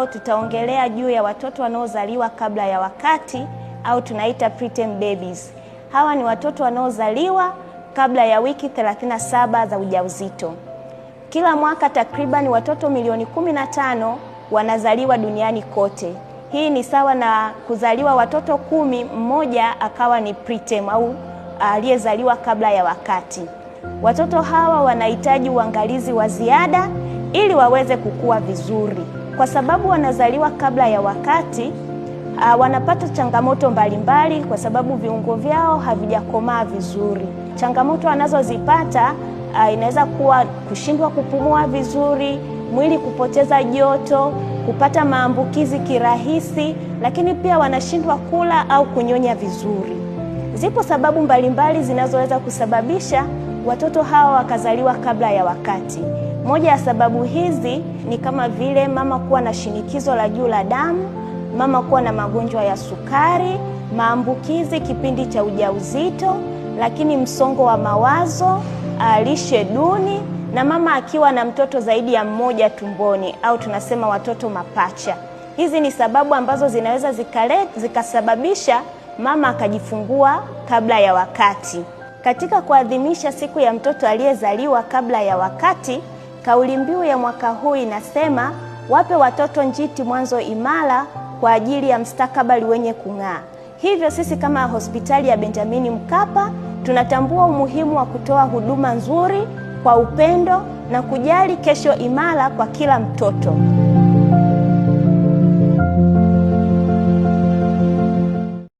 leo tutaongelea juu ya watoto wanaozaliwa kabla ya wakati au tunaita preterm babies. Hawa ni watoto wanaozaliwa kabla ya wiki 37 za ujauzito. Kila mwaka takriban watoto milioni 15 wanazaliwa duniani kote. Hii ni sawa na kuzaliwa watoto kumi, mmoja akawa ni preterm au aliyezaliwa kabla ya wakati. Watoto hawa wanahitaji uangalizi wa ziada ili waweze kukua vizuri. Kwa sababu wanazaliwa kabla ya wakati, uh, wanapata changamoto mbalimbali mbali, kwa sababu viungo vyao havijakomaa vizuri. Changamoto wanazozipata uh, inaweza kuwa kushindwa kupumua vizuri, mwili kupoteza joto, kupata maambukizi kirahisi, lakini pia wanashindwa kula au kunyonya vizuri. Zipo sababu mbalimbali zinazoweza kusababisha watoto hawa wakazaliwa kabla ya wakati. Moja ya sababu hizi ni kama vile mama kuwa na shinikizo la juu la damu, mama kuwa na magonjwa ya sukari, maambukizi kipindi cha ujauzito, lakini msongo wa mawazo, lishe duni na mama akiwa na mtoto zaidi ya mmoja tumboni au tunasema watoto mapacha. Hizi ni sababu ambazo zinaweza zikale, zikasababisha mama akajifungua kabla ya wakati. Katika kuadhimisha siku ya mtoto aliyezaliwa kabla ya wakati Kauli mbiu ya mwaka huu inasema wape watoto njiti mwanzo imara kwa ajili ya mstakabali wenye kung'aa. Hivyo sisi kama hospitali ya Benjamini Mkapa tunatambua umuhimu wa kutoa huduma nzuri kwa upendo na kujali kesho imara kwa kila mtoto.